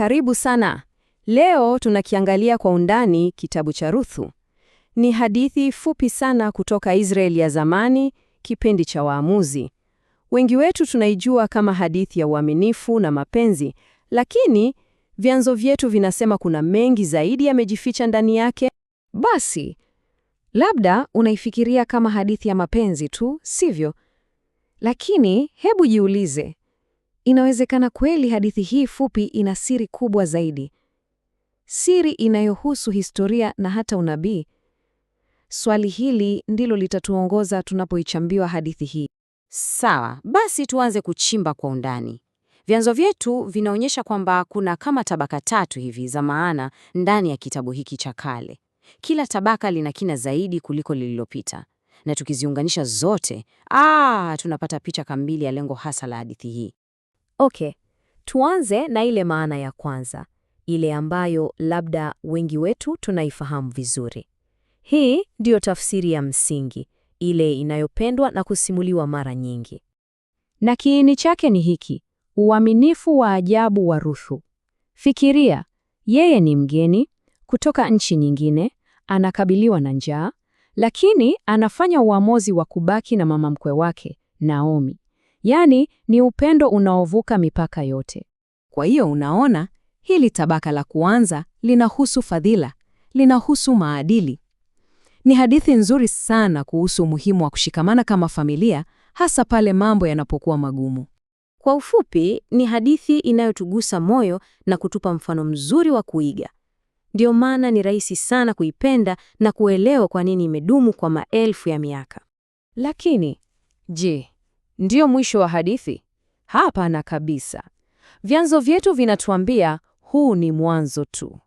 Karibu sana. Leo tunakiangalia kwa undani kitabu cha Ruthu. Ni hadithi fupi sana kutoka Israeli ya zamani, kipindi cha Waamuzi. Wengi wetu tunaijua kama hadithi ya uaminifu na mapenzi, lakini vyanzo vyetu vinasema kuna mengi zaidi yamejificha ndani yake. Basi, labda unaifikiria kama hadithi ya mapenzi tu, sivyo? Lakini hebu jiulize, inawezekana kweli hadithi hii fupi ina siri kubwa zaidi, siri inayohusu historia na hata unabii. Swali hili ndilo litatuongoza tunapoichambiwa hadithi hii. Sawa, basi tuanze kuchimba kwa undani. Vyanzo vyetu vinaonyesha kwamba kuna kama tabaka tatu hivi za maana ndani ya kitabu hiki cha kale. Kila tabaka lina kina zaidi kuliko lililopita, na tukiziunganisha zote, aa, tunapata picha kamili ya lengo hasa la hadithi hii. Okay, tuanze na ile maana ya kwanza, ile ambayo labda wengi wetu tunaifahamu vizuri. Hii ndiyo tafsiri ya msingi, ile inayopendwa na kusimuliwa mara nyingi, na kiini chake ni hiki: uaminifu wa ajabu wa Ruthu. Fikiria, yeye ni mgeni kutoka nchi nyingine, anakabiliwa na njaa, lakini anafanya uamuzi wa kubaki na mama mkwe wake Naomi. Yaani ni upendo unaovuka mipaka yote. Kwa hiyo unaona, hili tabaka la kwanza linahusu fadhila, linahusu maadili. Ni hadithi nzuri sana kuhusu umuhimu wa kushikamana kama familia, hasa pale mambo yanapokuwa magumu. Kwa ufupi, ni hadithi inayotugusa moyo na kutupa mfano mzuri wa kuiga. Ndio maana ni rahisi sana kuipenda na kuelewa kwa nini imedumu kwa maelfu ya miaka. Lakini je, Ndiyo mwisho wa hadithi? Hapana kabisa. Vyanzo vyetu vinatuambia huu ni mwanzo tu.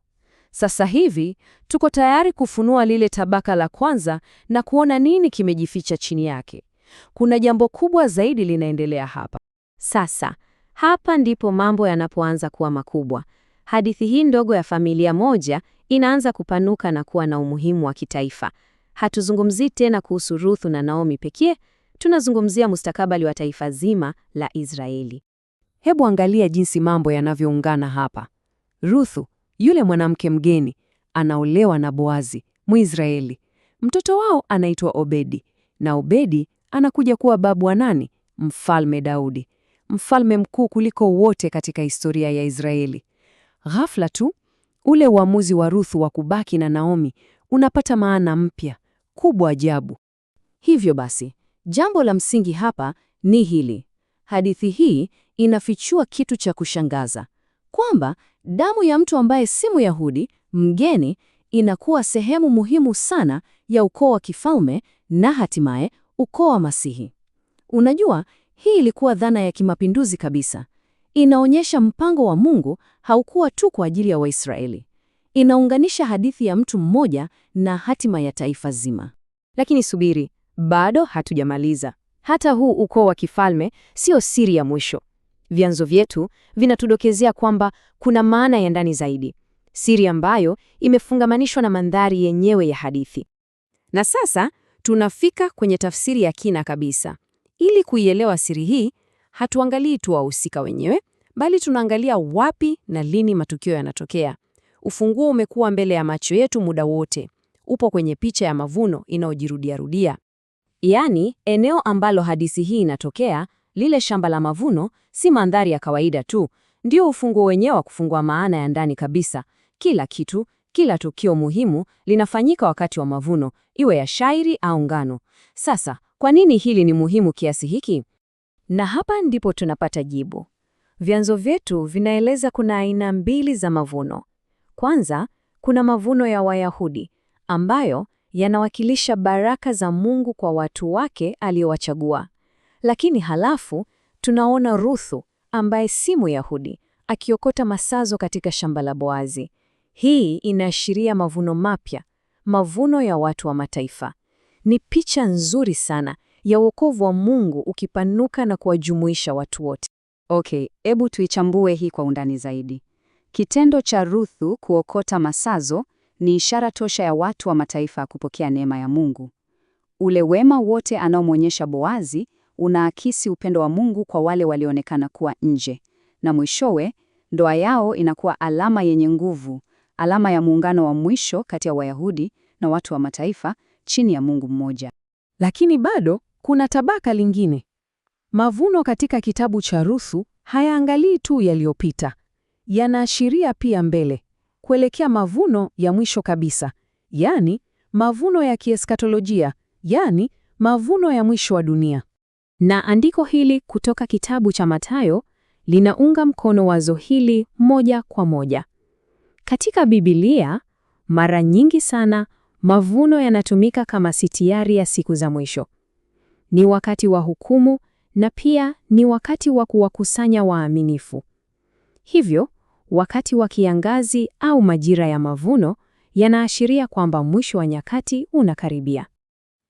Sasa hivi tuko tayari kufunua lile tabaka la kwanza na kuona nini kimejificha chini yake. Kuna jambo kubwa zaidi linaendelea hapa. Sasa hapa ndipo mambo yanapoanza kuwa makubwa. Hadithi hii ndogo ya familia moja inaanza kupanuka na kuwa na umuhimu wa kitaifa. Hatuzungumzii tena kuhusu Ruthu na Naomi pekee, tunazungumzia mustakabali wa taifa zima la Israeli. Hebu angalia jinsi mambo yanavyoungana hapa. Ruthu, yule mwanamke mgeni, anaolewa na Boazi, Mwisraeli. Mtoto wao anaitwa Obedi, na Obedi anakuja kuwa babu wa nani? Mfalme Daudi, mfalme mkuu kuliko wote katika historia ya Israeli. Ghafla tu ule uamuzi wa Ruthu wa kubaki na Naomi unapata maana mpya kubwa ajabu. Hivyo basi, Jambo la msingi hapa ni hili. Hadithi hii inafichua kitu cha kushangaza, kwamba damu ya mtu ambaye si Myahudi, mgeni, inakuwa sehemu muhimu sana ya ukoo wa kifalme na hatimaye ukoo wa Masihi. Unajua, hii ilikuwa dhana ya kimapinduzi kabisa. Inaonyesha mpango wa Mungu haukuwa tu kwa ajili ya Waisraeli. Inaunganisha hadithi ya mtu mmoja na hatima ya taifa zima. Lakini subiri, bado hatujamaliza. Hata huu ukoo wa kifalme sio siri ya mwisho. Vyanzo vyetu vinatudokezea kwamba kuna maana ya ndani zaidi, siri ambayo imefungamanishwa na mandhari yenyewe ya hadithi. Na sasa tunafika kwenye tafsiri ya kina kabisa. Ili kuielewa siri hii, hatuangalii tu wahusika wenyewe, bali tunaangalia wapi na lini matukio yanatokea. Ufunguo umekuwa mbele ya macho yetu muda wote, upo kwenye picha ya mavuno inayojirudiarudia. Yaani, eneo ambalo hadithi hii inatokea, lile shamba la mavuno, si mandhari ya kawaida tu, ndio ufunguo wenyewe wa kufungua maana ya ndani kabisa. Kila kitu, kila tukio muhimu linafanyika wakati wa mavuno, iwe ya shairi au ngano. Sasa, kwa nini hili ni muhimu kiasi hiki? Na hapa ndipo tunapata jibu. Vyanzo vyetu vinaeleza kuna aina mbili za mavuno. Kwanza, kuna mavuno ya Wayahudi ambayo yanawakilisha baraka za Mungu kwa watu wake aliyowachagua. Lakini halafu tunaona Ruthu ambaye si Myahudi akiokota masazo katika shamba la Boazi. Hii inaashiria mavuno mapya, mavuno ya watu wa mataifa. Ni picha nzuri sana ya wokovu wa Mungu ukipanuka na kuwajumuisha watu wote. Okay, hebu tuichambue hii kwa undani zaidi. Kitendo cha Ruthu kuokota masazo ni ishara tosha ya watu wa mataifa kupokea neema ya Mungu. Ule wema wote anaomwonyesha Boazi unaakisi upendo wa Mungu kwa wale walioonekana kuwa nje, na mwishowe ndoa yao inakuwa alama yenye nguvu, alama ya muungano wa mwisho kati ya Wayahudi na watu wa mataifa chini ya Mungu mmoja. Lakini bado kuna tabaka lingine. Mavuno katika kitabu cha Ruthu hayaangalii tu yaliyopita, yanaashiria pia mbele kuelekea mavuno ya mwisho kabisa, yani mavuno ya kieskatolojia, yani mavuno ya mwisho wa dunia. Na andiko hili kutoka kitabu cha Mathayo linaunga mkono wazo hili moja kwa moja. Katika Biblia mara nyingi sana mavuno yanatumika kama sitiari ya siku za mwisho. Ni wakati wa hukumu na pia ni wakati wa kuwakusanya waaminifu. Hivyo wakati wa kiangazi au majira ya mavuno yanaashiria kwamba mwisho wa nyakati unakaribia.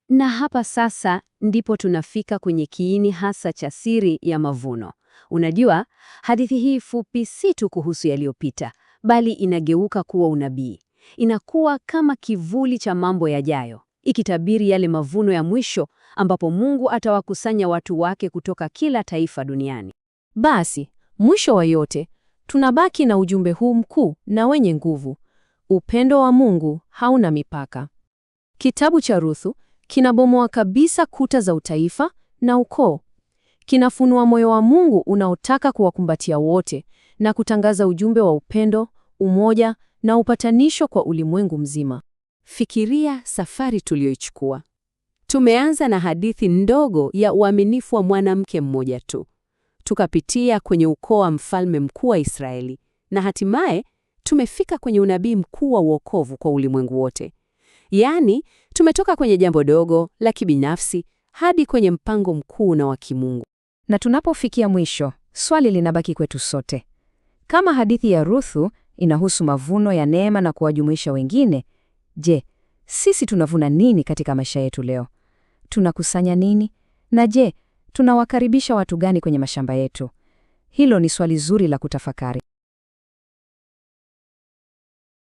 Na hapa sasa ndipo tunafika kwenye kiini hasa cha siri ya mavuno. Unajua, hadithi hii fupi si tu kuhusu yaliyopita, bali inageuka kuwa unabii. Inakuwa kama kivuli cha mambo yajayo, ikitabiri yale mavuno ya mwisho ambapo Mungu atawakusanya watu wake kutoka kila taifa duniani. Basi, mwisho wa yote Tunabaki na ujumbe huu mkuu na wenye nguvu: upendo wa Mungu hauna mipaka. Kitabu cha Ruthu kinabomoa kabisa kuta za utaifa na ukoo. Kinafunua moyo wa Mungu unaotaka kuwakumbatia wote na kutangaza ujumbe wa upendo, umoja na upatanisho kwa ulimwengu mzima. Fikiria safari tuliyoichukua. Tumeanza na hadithi ndogo ya uaminifu wa mwanamke mmoja tu tukapitia kwenye ukoo wa mfalme mkuu wa Israeli na hatimaye tumefika kwenye unabii mkuu wa uokovu kwa ulimwengu wote. Yaani, tumetoka kwenye jambo dogo la kibinafsi hadi kwenye mpango mkuu na wa kimungu. Na tunapofikia mwisho, swali linabaki kwetu sote. Kama hadithi ya Ruthu inahusu mavuno ya neema na kuwajumuisha wengine, je, sisi tunavuna nini katika maisha yetu leo? Tunakusanya nini? Na je, Tunawakaribisha watu gani kwenye mashamba yetu? Hilo ni swali zuri la kutafakari.